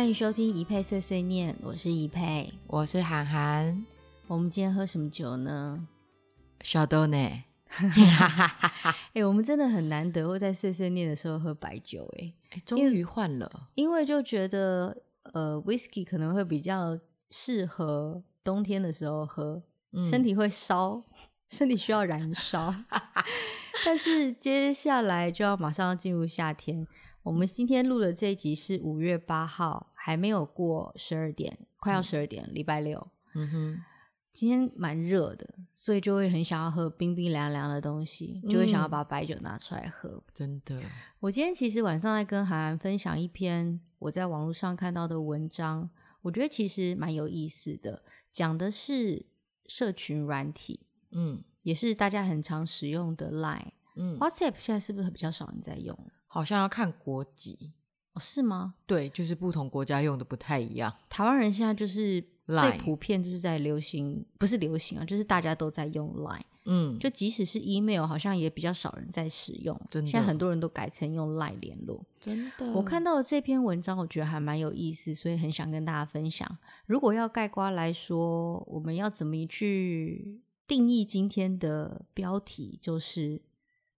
歡迎收聽怡霈碎碎念，我是怡霈，我是涵涵。我們今天喝什麼酒呢？小豆呢？哎，我們真的很難得會在碎碎念的時候喝白酒，欸。哎，欸，終於換了，因為，因為就覺得呃，whisky 可能會比較適合冬天的時候喝，嗯，身體會燒，身體需要燃燒。 但是接下來就要馬上要進入夏天，我們今天錄的這一集是五月八號。還沒有過十二點，快要十二點，嗯、禮拜六。嗯哼，今天蠻熱的，所以就會很想要喝冰冰涼涼的東西，嗯、就會想要把白酒拿出來喝。真的，我今天其實晚上在跟海安分享一篇我在網絡上看到的文章，我覺得其實蠻有意思的，講的是社群軟體，嗯，也是大家很常使用的 Line，WhatsApp 現在是不是很比較少人在用？好像要看國籍。哦，是嗎？對，就是不同國家用的不太一樣。台灣人現在就是最普遍，就是在流行，Line 不是流行啊，就是大家都在用 Line。嗯，就即使是 email，好像也比較少人在使用。真的現在很多人都改成用 Line 聯絡。真的，我看到了這篇文章，我覺得還蠻有意思，所以很想跟大家分享。如果要概括來說，我們要怎麼去定義今天的標題？就是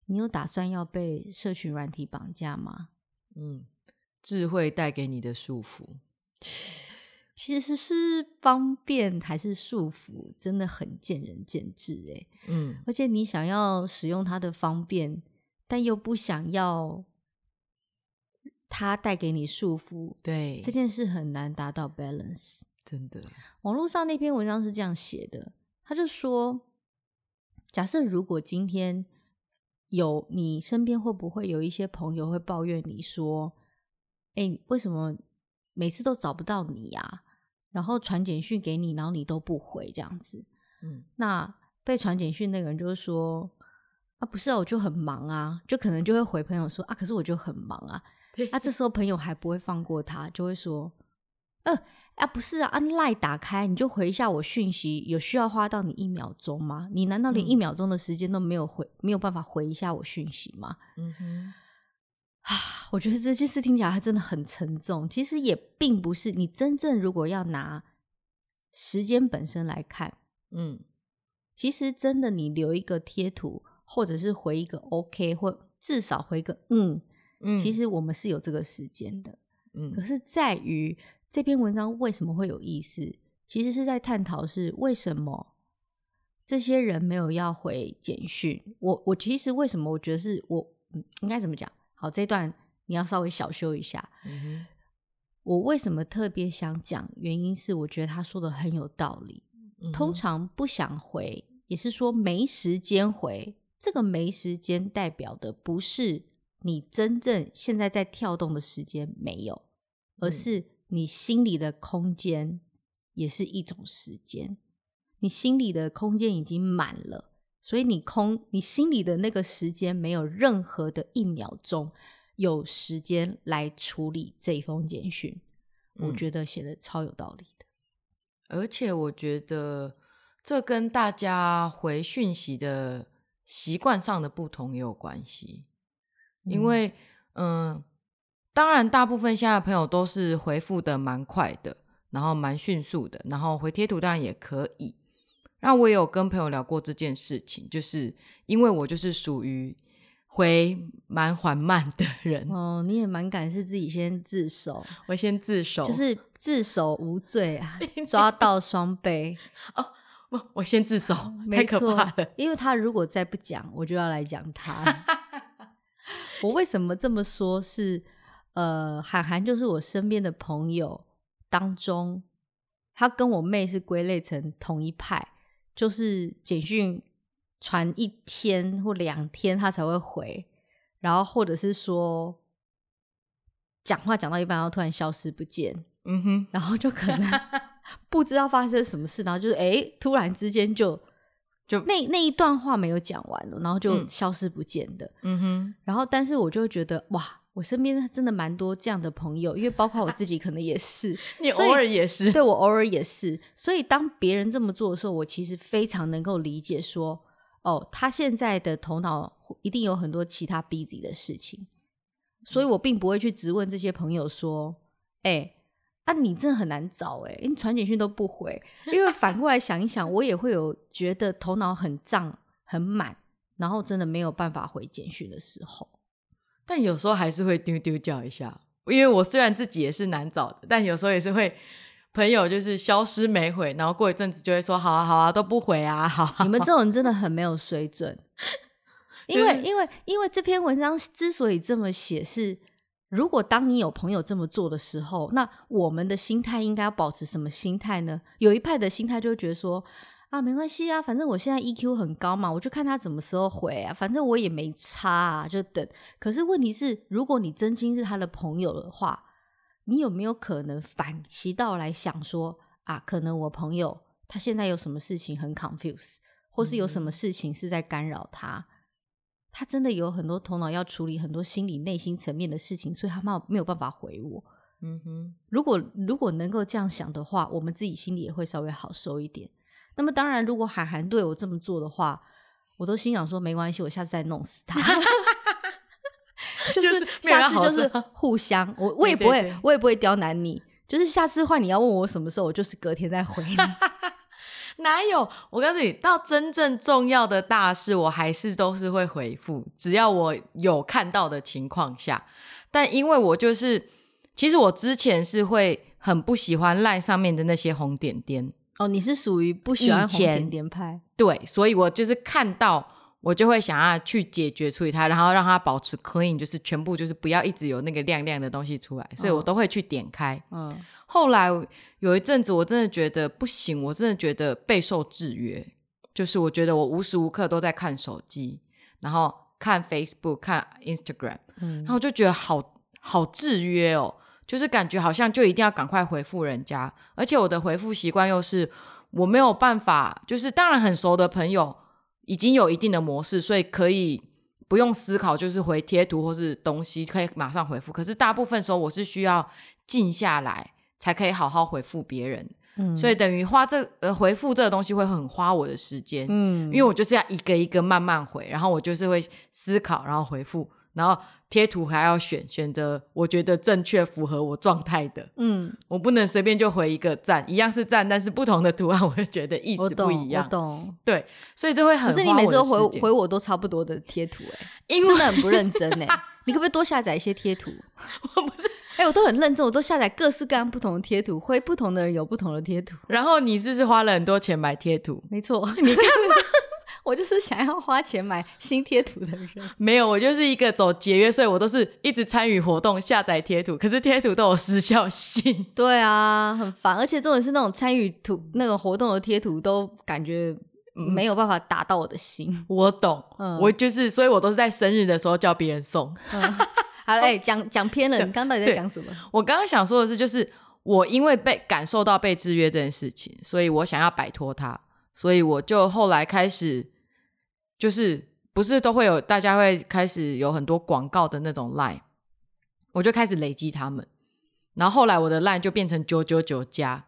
你有打算要被社群軟體綁架嗎？嗯。智慧帶給你的束縛，其實是方便還是束縛，真的很見仁見智哎、欸。嗯，而且你想要使用它的方便，但又不想要它帶給你束縛，對這件事很難達到 balance。真的，網絡上那篇文章是這樣寫的，他就說：假設如果今天有，你身邊會不會有一些朋友會抱怨你說？哎、欸，為什麼每次都找不到你呀、啊？然後傳簡訊給你，然後你都不回這樣子。嗯，那被傳簡訊那個人就是說啊，不是啊，我就很忙啊，就可能就會回朋友說啊，可是我就很忙啊。那嘿、啊、這時候朋友還不會放過他，就會說，啊，啊不是啊，按、啊、Line 打開你就回一下我訊息，有需要花到你一秒鐘嗎？你難道連一秒鐘的時間都沒有回，嗯、沒有辦法回一下我訊息嗎？嗯哼。啊，我覺得這件事聽起來還真的很沉重。其實也並不是你真正如果要拿時間本身來看，嗯，其實真的你留一個貼圖，或者是回一個 OK，或至少回一個嗯，嗯，其實我們是有這個時間的。嗯，可是在於這篇文章為什麼會有意思？其實是在探討是為什麼這些人沒有要回簡訊。我我其實為什麼我覺得是我，嗯，應該怎麼講？好，這段你要稍微小修一下。嗯、哼我為什麼特別想講？原因是我覺得他說的很有道理。嗯、哼通常不想回，也是說沒時間回。這個沒時間代表的不是你真正現在在跳動的時間沒有，而是你心裡的空間也是一種時間。嗯、你心裡的空間已經滿了。所以你空，你心裡的那個時間沒有任何的一秒鐘有時間來處理這一封簡訊。我覺得寫的超有道理的，嗯、而且我覺得這跟大家回訊息的習慣上的不同也有關係。因為，嗯，當然大部分現在朋友都是回復的蠻快的，然後蠻迅速的，然後回貼圖當然也可以。那我也有跟朋友聊過這件事情，就是因為我就是屬於回蠻緩慢的人哦。你也蠻敢，是自己先自首，我先自首，就是自首無罪啊， 抓到雙倍哦。我我先自首，哦、沒錯，太可怕了。因為他如果再不講，我就要來講他。 我為什麼這麼說是，是呃，涵涵就是我身邊的朋友當中，他跟我妹是歸類成同一派。就是簡訊傳一天或兩天他才會回，然後或者是說講話講到一半，然後突然消失不見，嗯哼，然後就可能不知道發生什麼事， 然後就是哎、欸，突然之間就就那那一段話沒有講完了，然後就消失不見的，嗯，嗯哼，然後但是我就覺得哇。我身邊真的蠻多這樣的朋友，因為包括我自己可能也是，啊、你偶爾也是，對，我偶爾也是。 所以當別人這麼做的時候，我其實非常能夠理解說，說哦，他現在的頭腦一定有很多其他 busy 的事情，嗯、所以我並不會去質問這些朋友說，哎、欸，啊，你真的很難找、欸，哎，你傳簡訊都不回。因為反過來想一想， 我也會有覺得頭腦很脹、很滿，然後真的沒有辦法回簡訊的時候。但有時候還是會丟丟叫一下，因為我雖然自己也是難找的，但有時候也是會朋友就是消失沒回，然後過一陣子就會說好啊好啊都不回啊，好啊你們這種人真的很沒有水準。就是、因為因為因為這篇文章之所以這麼寫，是如果當你有朋友這麼做的時候，那我們的心態應該要保持什麼心態呢？有一派的心態就會覺得說。啊，沒關係啊，反正我現在 EQ 很高嘛，我就看他什麼時候回啊，反正我也沒差，啊，就等。可是問題是，如果你真心是他的朋友的話，你有沒有可能反其道來想說啊？可能我朋友他現在有什麼事情很 confuse 或是有什麼事情是在干擾他，嗯哼，他真的有很多頭腦要處理，很多心理內心層面的事情，所以他沒有沒有辦法回我。嗯哼，如果如果能夠這樣想的話，我們自己心裡也會稍微好受一點。那麼當然，如果韓寒對我這麼做的話，我都心想說沒關係，我下次再弄死他。 就是下次就是互相，我我也不會， 對對對，我也不會刁難你。就是下次換你要問我什麼時候，我就是隔天再回你。 哪有？我告訴你，到真正重要的大事，我還是都是會回復，只要我有看到的情況下。但因為我就是，其實我之前是會很不喜歡賴上面的那些紅點點。哦，你是屬於不喜歡前紅點點派，對，所以我就是看到我就會想要去解決處理它，然後讓它保持 clean，就是全部就是不要一直有那個亮亮的東西出來，所以我都會去點開。哦、嗯，後來有一陣子我真的覺得不行，我真的覺得備受制約，就是我覺得我無時無刻都在看手機，然後看 Facebook，看 Instagram，嗯，然後就覺得好好制約哦。就是感覺好像就一定要趕快回復人家，而且我的回復習慣又是我沒有辦法，就是當然很熟的朋友已經有一定的模式，所以可以不用思考，就是回貼圖或是東西可以馬上回復。可是大部分時候我是需要靜下來才可以好好回復別人，嗯，所以等於花這呃回復這個東西會很花我的時間，嗯，因為我就是要一個一個慢慢回，然後我就是會思考，然後回復，然後。貼圖還要選選擇，我覺得正確符合我狀態的。嗯，我不能隨便就回一個讚，一樣是讚，但是不同的圖案，我會覺得意思不一樣。我懂，我懂對，所以就會很。可是你每次都回我回我都差不多的貼圖、欸，哎，因為 真的很不認真呢、欸。 你可不可以多下載一些貼圖？我不是，哎、欸，我都很認真，我都下載各式各樣不同的貼圖，回不同的人有不同的貼圖。然後你是不是花了很多錢買貼圖？沒錯，你看嘛。 我就是想要花錢買新貼圖的人， 沒有，我就是一個走節約稅，所以我都是一直參與活動下載貼圖，可是貼圖都有時效性，對啊，很煩，而且重點是那種參與圖那個活動的貼圖都感覺沒有辦法達到我的心。嗯、我懂，嗯、我就是，所以我都是在生日的時候叫別人送。 嗯、好了，講、欸、講偏了， 你剛剛到底在講什麼？我剛剛想說的是，就是我因為被感受到被制約這件事情，所以我想要擺脫它。所以我就後來開始，就是不是都會有大家會開始有很多廣告的那種 LINE，我就開始累積他們，然後後來我的 LINE 就變成九九九加。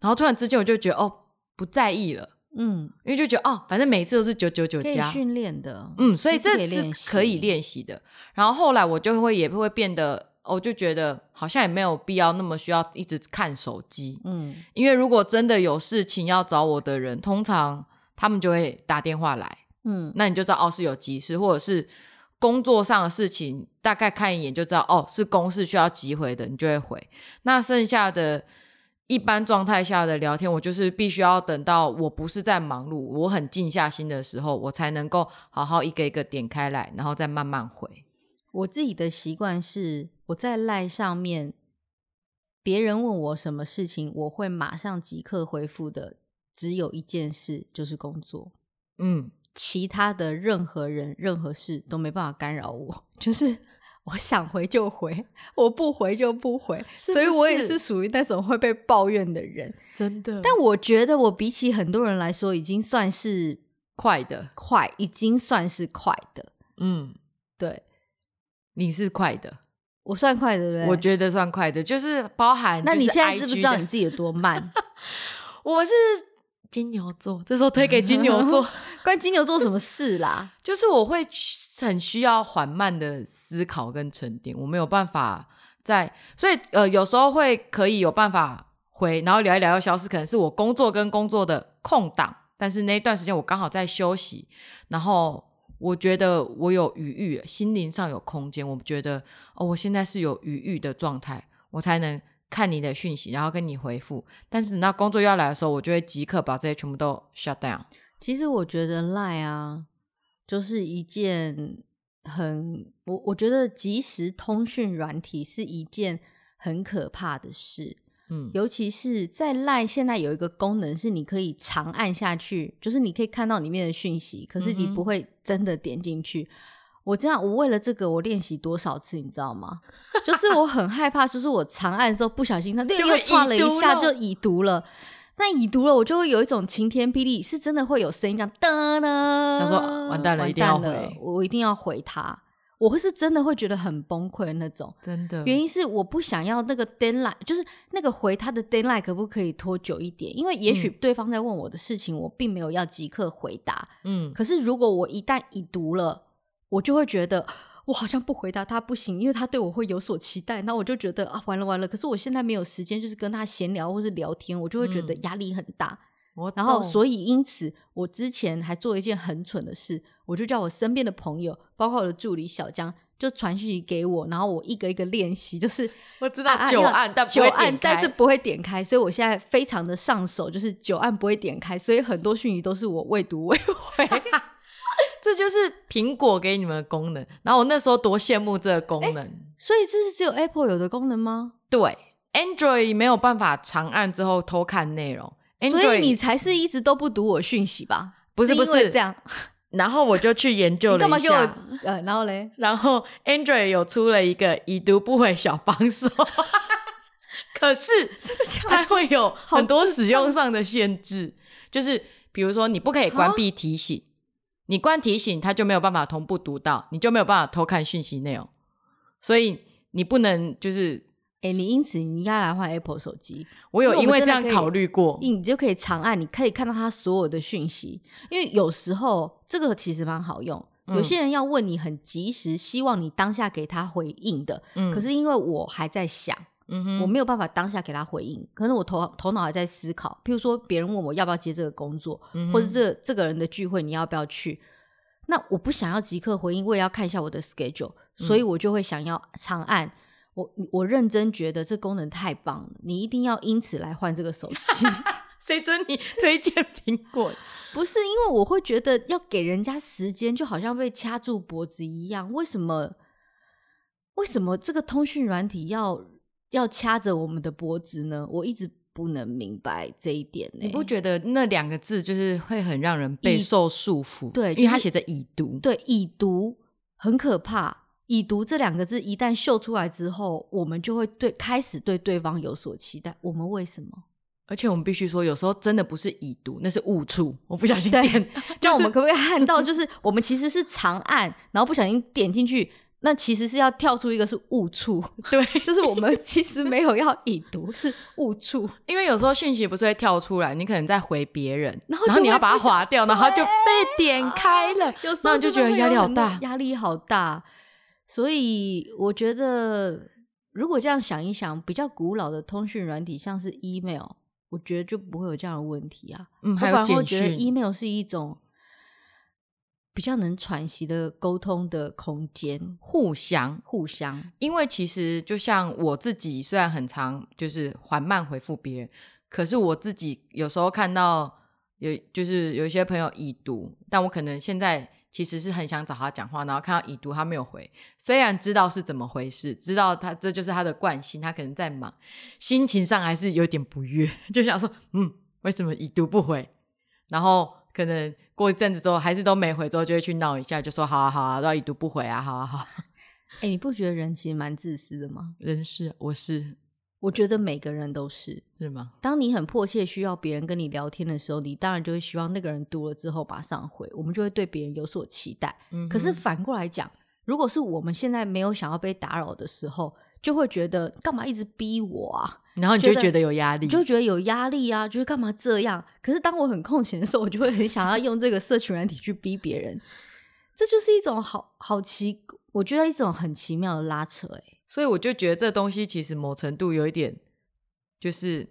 然後突然之間我就覺得哦不在意了，嗯，因為就覺得哦反正每次都是九九九加，訓練的，嗯，所以這是可以練習的，然後後來我就會也會變得。我就覺得好像也沒有必要那麼需要一直看手機，嗯，因為如果真的有事情要找我的人，通常他們就會打電話來，嗯，那你就知道哦是有急事，或者是工作上的事情，大概看一眼就知道哦是公事需要急回的，你就會回。那剩下的一般狀態下的聊天，我就是必須要等到我不是在忙碌，我很靜下心的時候，我才能夠好好一個一個點開來，然後再慢慢回。我自己的習慣是，我在賴上面，別人問我什麼事情，我會馬上即刻回復的。只有一件事就是工作，嗯，其他的任何人、任何事都沒辦法干擾我，就是我想回就回，我不回就不回。是不是？所以我也是屬於那種會被抱怨的人，真的。但我覺得我比起很多人來說，已經算是快的，快的。快，已經算是快的。嗯，對。你是快的，我算快的，對，我覺得算快的，就是包含是。那你現在是不是知道你自己有多慢？ 我是金牛座，這時候推給金牛座， 關金牛座什麼事啦？就是我會很需要緩慢的思考跟沉澱，我沒有辦法在，所以呃，有時候會可以有辦法回，然後聊一聊一，要消失可能是我工作跟工作的空檔，但是那一段時間我剛好在休息，然後。我覺得我有餘裕，心靈上有空間。我覺得哦，我現在是有餘裕的狀態，我才能看你的訊息，然後跟你回復。但是那工作要來的時候，我就會即刻把這些全部都 shut down。其實我覺得賴啊，就是一件很……我我覺得即時通訊軟體是一件很可怕的事。尤其是在賴，現在有一個功能是你可以長按下去，就是你可以看到裡面的訊息，可是你不會真的點進去。嗯、哼我這樣，我為了這個，我練習多少次，你知道嗎？ 就是我很害怕，就是我長按的時候不小心，它就又劃了一下，就已讀了。那已讀了，我就會有一種晴天霹靂，是真的會有聲音這樣噔呢，他說完蛋了，完蛋了，一定要，我一定要回他。我是真的會覺得很崩潰那種，真的。原因是我不想要那個 deadline，就是那個回他的 deadline 可不可以拖久一點？因為也許對方在問我的事情，嗯、我並沒有要即刻回答。嗯，可是如果我一旦已讀了，我就會覺得我好像不回答他不行，因為他對我會有所期待。那我就覺得啊，完了完了！可是我現在沒有時間，就是跟他閒聊或是聊天，我就會覺得壓力很大。嗯我然後，所以因此，我之前還做一件很蠢的事，我就叫我身邊的朋友，包括我的助理小江，就傳訊息給我，然後我一個一個練習，就是我知道、啊、久按、久按、啊、久按，但是不會點開，所以我現在非常的上手，就是久按不會點開，所以很多訊息都是我未讀未回。 這就是蘋果給你們的功能，然後我那時候多羨慕這個功能、欸。所以這是只有 Apple 有的功能嗎？對，Android 沒有辦法長按之後偷看內容。所以你才是一直都不讀我訊息吧？不是，不是，是因為這樣。然後我就去研究了一下，呃，然後嘞，然後 Android 有出了一個已讀不回小幫手，可是它會有很多使用上的限制，就是比如說你不可以關閉提醒，你關提醒它就沒有辦法同步讀到，你就沒有辦法偷看訊息內容，所以你不能就是。哎，欸、你因此你應該來換 Apple 手機。我有因為，因為這樣考慮過，你就可以長按，你可以看到他所有的訊息。因為有時候這個其實蠻好用，嗯、有些人要問你很及時，希望你當下給他回應的。嗯、可是因為我還在想，嗯、哼我沒有辦法當下給他回應，可是我頭頭腦還在思考。譬如說別人問我要不要接這個工作，嗯、哼或者這這個人的聚會你要不要去？那我不想要即刻回應，我也要看一下我的 schedule，所以我就會想要長按。嗯我我認真覺得這功能太棒了，你一定要因此來換這個手機。誰準 你推薦蘋果？ 不是因為我會覺得要給人家時間，就好像被掐住脖子一樣。為什麼？為什麼這個通訊軟體要要掐着我們的脖子呢？我一直不能明白這一點欸。你不覺得那兩個字就是會很讓人備受束縛？對，就是、因為它寫着已讀。對，已讀很可怕。已讀這兩個字一旦秀出來之後，我們就會對開始對對方有所期待。我們為什麼？而且我們必須說，有時候真的不是已讀，那是誤觸，我不小心點。對就是，那我們可不可以看到，就是 我們其實是長按，然後不小心點進去，那其實是要跳出一個是誤觸。對，就是我們其實沒有要已讀， 是誤觸。因為有時候訊息不是會跳出來，你可能在回別人，然後，然後你要把它劃掉，然後就被點開了，那你就覺得壓力好大，壓力好大。所以我覺得，如果這樣想一想，比較古老的通訊軟體像是 email，我覺得就不會有這樣的問題啊。嗯，還有我覺得 email 是一種比較能喘息的溝通的空間，互相互相。互相因為其實就像我自己，雖然很常就是緩慢回復別人，可是我自己有時候看到有就是有一些朋友已讀，但我可能現在。其實是很想找他講話，然後看到已讀，他沒有回。雖然知道是怎麼回事，知道他這就是他的慣性，他可能在忙，心情上還是有點不悅，就想說，嗯，為什麼已讀不回？然後可能過一陣子之後還是都沒回，之後就會去鬧一下，就說，好啊好啊，都已讀不回啊，好啊好啊。哎、欸，你不覺得人其實蠻自私的嗎？人是，我是。我覺得每個人都是，是嗎？當你很迫切需要別人跟你聊天的時候，你當然就會希望那個人讀了之後馬上回，我們就會對別人有所期待。嗯、哼可是反過來講，如果是我們現在沒有想要被打擾的時候，就會覺得幹嘛一直逼我啊？然後你就會覺得有壓力，你就覺得有壓力啊，就是幹嘛這樣？可是當我很空閒的時候，我就會很想要用這個社群軟體去逼別人。 這就是一種好好奇，我覺得一種很奇妙的拉扯，欸，哎。所以我就覺得這東西其實某程度有一點就是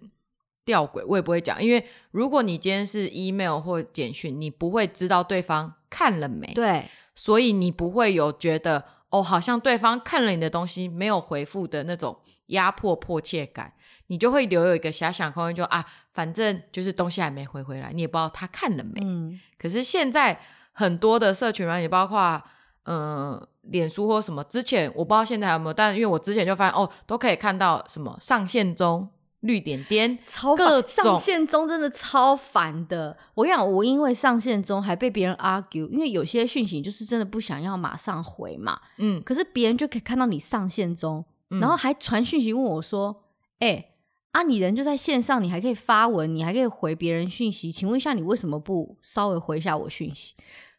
弔詭，我也不會講，因為如果你今天是 email 或簡訊，你不會知道對方看了沒，對，所以你不會有覺得哦，好像對方看了你的東西沒有回復的那種壓迫迫切感，你就會留有一個遐想空間就，就啊，反正就是東西還沒回回來，你也不知道他看了沒。嗯，可是現在很多的社群軟體，包括，嗯，臉書或什麼之前我不知道現在還有沒有，但因為我之前就發現哦，都可以看到什麼上線中綠點點，超煩，各種上線中真的超煩的。我跟你講，我因為上線中還被別人 argue，因為有些訊息就是真的不想要馬上回嘛，嗯，可是別人就可以看到你上線中，然後還傳訊息問我說：“哎，嗯，欸，啊你人就在線上，你還可以發文，你還可以回別人訊息，請問一下你為什麼不稍微回一下我訊息？”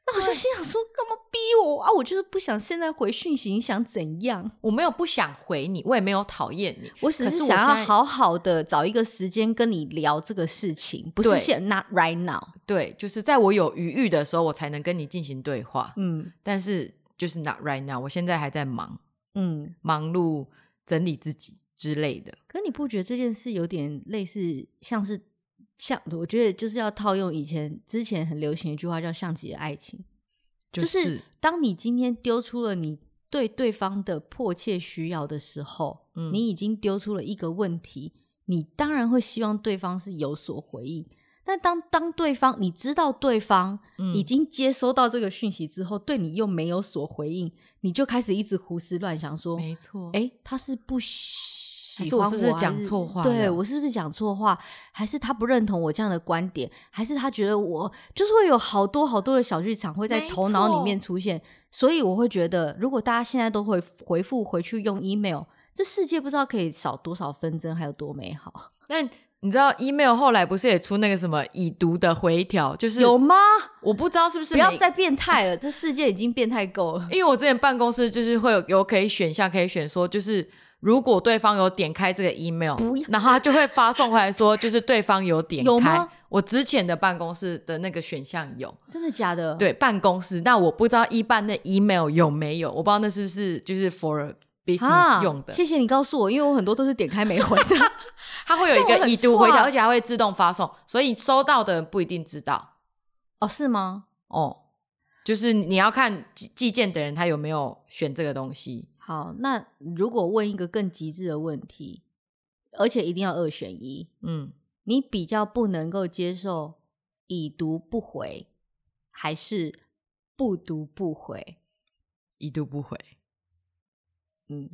那好像心想說，幹嘛對逼我啊？我就是不想現在回訊息，你想怎樣？我沒有不想回你，我也沒有討厭你，我只是想要好好的找一個時間跟你聊這個事情，是對不是現，not right now。對，就是在我有餘裕的時候，我才能跟你進行對話。嗯，但是就是 not right now，我現在還在忙，嗯，忙碌整理自己之類的。可你不覺得這件事有點類似，像是？像我覺得就是要套用以前之前很流行一句話叫“像極的愛情”，就是、就是當你今天丟出了你對對方的迫切需要的時候，嗯、你已經丟出了一個問題，你當然會希望對方是有所回應。但當當對方你知道對方已經接收到這個訊息之後，嗯、對你又沒有所回應，你就開始一直胡思亂想說，說沒錯錯，哎、欸，他是不需。你、欸、是我是不是講錯話？對我是不是講錯話？還是他不認同我這樣的觀點？還是他覺得我就是會有好多好多的小劇場會在頭腦裡面出現？沒錯。所以我會覺得，如果大家現在都會回復回去用 email，這世界不知道可以少多少紛爭，還有多美好。但你知道 email 後來不是也出那個什麼已讀的回條就是有嗎？我不知道是不是不要再變態了， 這世界已經變態夠了。因為我之前辦公室就是會有，有可以選項，可以選說就是。如果對方有點開這個 email，要然後他就會發送回來，說就是對方有點開。 嗎我之前的辦公室的那個選項有，真的假的？對，辦公室，但我不知道一般的 email 有沒有，我不知道那是不是就是 for business、啊、用的。謝謝你告訴我，因為我很多都是點開沒回的。 他會有一個已讀回條，而且還會自動發送，所以收到的人不一定知道。哦，是嗎？哦，就是你要看寄件的人他有沒有選這個東西。好，那如果問一個更極致的問題，而且一定要二選一，嗯，你比較不能夠接受已讀不回，還是不讀不回？已讀不回。嗯，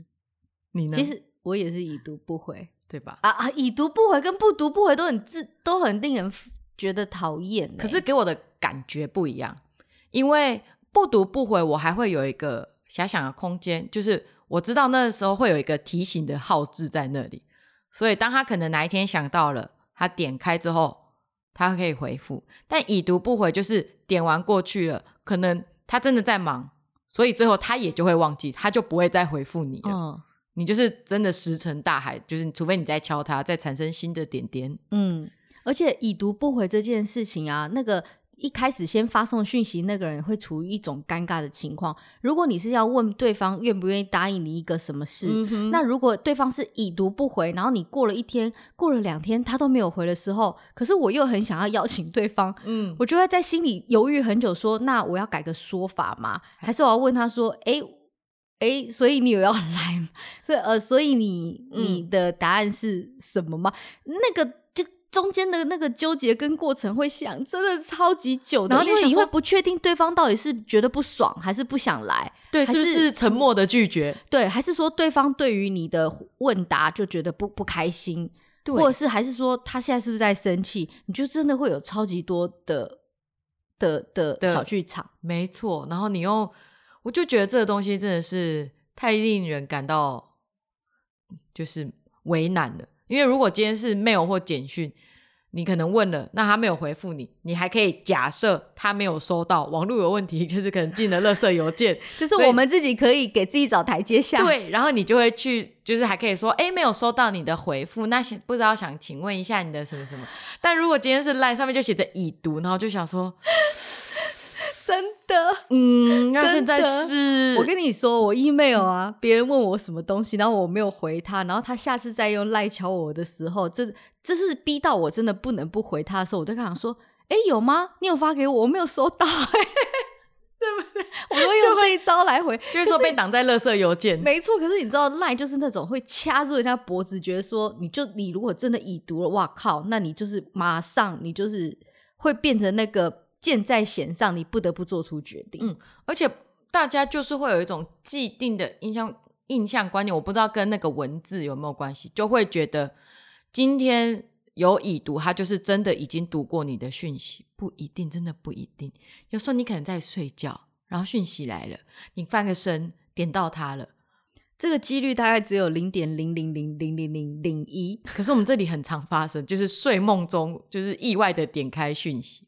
你呢？其實我也是已讀不回，對吧？啊啊，已讀不回跟不讀不回都很自，都很令人覺得討厭欸。可是給我的感覺不一樣，因為不讀不回，我還會有一個。遐想的空間，就是我知道那個時候會有一個提醒的號誌在那裡，所以當他可能哪一天想到了，他點開之後，他可以回復。但已讀不回，就是點完過去了，可能他真的在忙，所以最後他也就會忘記，他就不會再回復你了。嗯，你就是真的石沉大海，就是除非你在敲他，再產生新的點點。嗯，而且已讀不回這件事情啊，那個。一開始先發送訊息，那個人會處於一種尷尬的情況。如果你是要問對方願不願意答應你一個什麼事，嗯、哼那如果對方是已讀不回，然後你過了一天、過了兩天他都沒有回的時候，可是我又很想要邀請對方，嗯，我就會在心裡猶豫很久說，說那我要改個說法嗎？還是我要問他說，誒、欸、誒、欸，所以你有要來嗎？所以呃，所以你你的答案是什麼嗎？嗯、那個。中間的那個糾結跟過程會想，真的超級久，然後說因為你會不確定對方到底是覺得不爽還是不想來，對，是，是不是沉默的拒絕？對，還是說對方對於你的問答就覺得不不開心，對或者是還是說他現在是不是在生氣？你就真的會有超級多的的的對小劇場，沒錯。然後你又，我就覺得這個東西真的是太令人感到就是為難了。因為如果今天是 mail 或簡訊，你可能問了，那他沒有回復你，你還可以假設他沒有收到，網絡有問題，就是可能進了垃圾郵件， 就是我們自己可以給自己找台階下。對，然後你就會去，就是還可以說，哎，沒有收到你的回復，那不知道想請問一下你的什麼什麼。但如果今天是 line 上面就寫着已讀，然後就想說。真的，嗯，那現在是的，我跟你說，我 email 啊，別人問我什麼東西，然後我沒有回他，然後他下次再用賴敲我的時候，這這是逼到我真的不能不回他的時候，我就跟他講說，哎、欸，有嗎？你有發給我，我沒有收到，欸，對 不對？我會用這一招來回，就，就是說被擋在垃圾郵件，沒錯。可是你知道賴就是那種會掐住人家脖子，覺得說你就你如果真的已讀了，哇靠，那你就是馬上你就是會變成那個。箭在弦上，你不得不做出決定。嗯，而且大家就是會有一種既定的印象、印象觀念，我不知道跟那個文字有沒有關係，就會覺得今天有已讀，他就是真的已經讀過你的訊息，不一定，真的不一定。有時候你可能在睡覺，然後訊息來了，你翻個身點到它了，這個幾率大概只有零點零零零零零零零一。 可是我們這裡很常發生，就是睡夢中就是意外的點開訊息。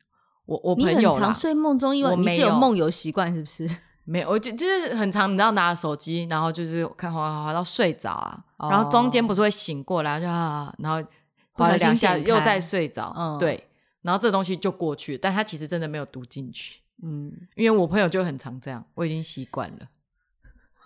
我我朋友，很常睡夢中因為我沒有你是有夢遊習慣是不是？沒有，我就就是很常，你知道拿着手機，然後就是看滑滑滑到睡着啊，哦、然後中間不是會醒過來，就啊，然後滑了兩下又在睡着，嗯，對，然後這東西就過去，但他其實真的沒有讀進去，嗯，因為我朋友就很常這樣，我已經習慣了。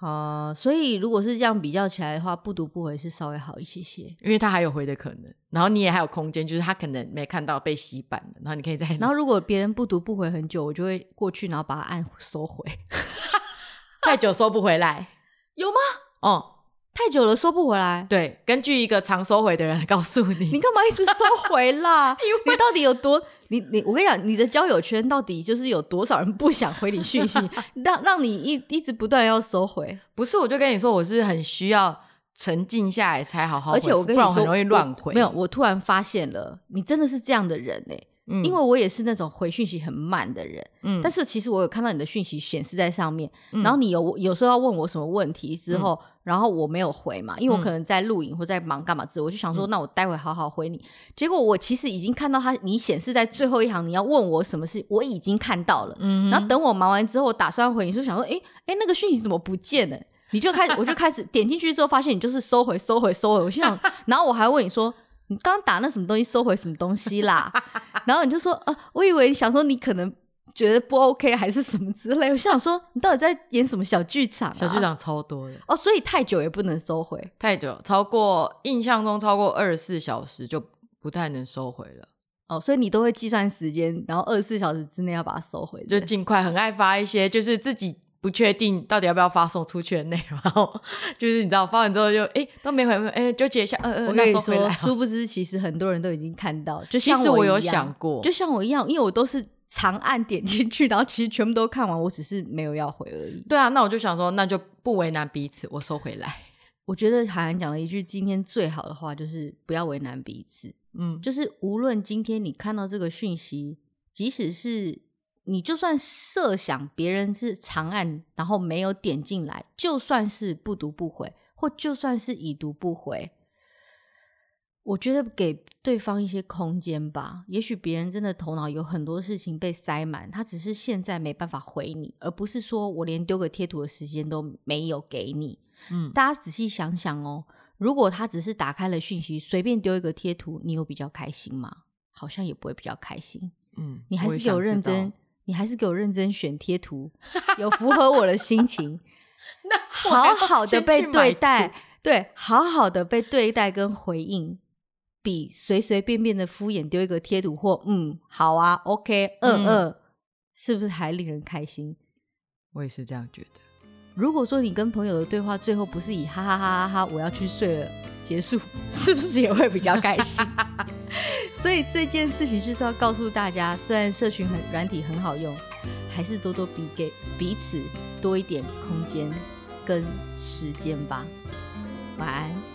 哦、呃，所以如果是這樣比較起來的話，不讀不回是稍微好一些些，因為它還有回的可能，然後你也還有空間，就是他可能沒看到被洗版的，然後你可以再。然後如果別人不讀不回很久，我就會過去，然後把它按收回。 太久收不回來， 有嗎？哦、嗯。太久了，收不回來。對，根據一個常收回的人來告訴你，你幹嘛一直收回啦？ 你到底有多？你你，我跟你講，你的交友圈到底就是有多少人不想回你訊息， 讓讓你一一直不斷要收回？不是，我就跟你說，我是很需要沉靜下來才好好，而且我跟你說，不然很容易亂回。沒有，我突然發現了，你真的是這樣的人嘞、欸，嗯、因為我也是那種回訊息很慢的人。嗯，但是其實我有看到你的訊息顯示在上面，嗯、然後你有有時候要問我什麼問題之後。嗯然後我沒有回嘛，因為我可能在錄影或在忙幹嘛之，嗯、我就想說，那我待會好好回你。嗯、結果我其實已經看到它，你顯示在最後一行，你要問我什麼事我已經看到了。嗯嗯然後等我忙完之後，我打算回你，就想說，哎誒，誒，誒那個訊息怎麼不見了？你就開始，我就開始點進去之後，發現你就是收回、 收回、收回。我心想，然後我還問你說，你剛打那什麼東西？收回什麼東西啦？ 然後你就說，呃、啊，我以為你想說你可能。覺得不 OK 還是什麼之類？我想，想說，你到底在演什麼小劇場啊？小劇場超多的哦，所以太久也不能收回。太久，超過印象中超過二十四小時就不太能收回了。哦，所以你都會計算時間，然後二十四小時之內要把它收回是不是，就盡快。很愛發一些就是自己不確定到底要不要發送出去的內容，就是你知道發完之後就哎、欸、都沒回復，哎糾結一下，嗯、呃、嗯。呃、我跟你說，啊、殊不知其實很多人都已經看到。就像我，其實我有想過，就像我一樣，因為我都是。長按點進去，然後其實全部都看完，我只是沒有要回而已。對啊，那我就想說，那就不為難彼此，我收回來。我覺得好像講了一句今天最好的話，就是不要為難彼此。嗯，就是無論今天你看到這個訊息，即使是你就算設想別人是長按，然後沒有點進來，就算是不讀不回，或就算是已讀不回。我覺得給對方一些空間吧，也許別人真的頭腦有很多事情被塞滿，他只是現在沒辦法回你，而不是說我連丟個貼圖的時間都沒有給你。嗯，大家仔細想想想哦，如果他只是打開了訊息，隨便丟一個貼圖，你有比較開心嗎？好像也不會比較開心。嗯，你還是給我認真，你還是給我認真選貼圖，有符合我的心情。那 好好的被對待， 對，好好的被對待跟回應。 比隨隨便便的敷衍丟一個貼圖或嗯好啊，OK，嗯、呃呃、嗯，是不是還令人開心？我也是這樣覺得。如果說你跟朋友的對話最後不是以哈哈哈哈哈我要去睡了結束，是不是也會比較開心？ 所以這件事情就是要告訴大家，雖然社群很軟體很好用，還是多多比給彼此多一點空間跟時間吧。晚安。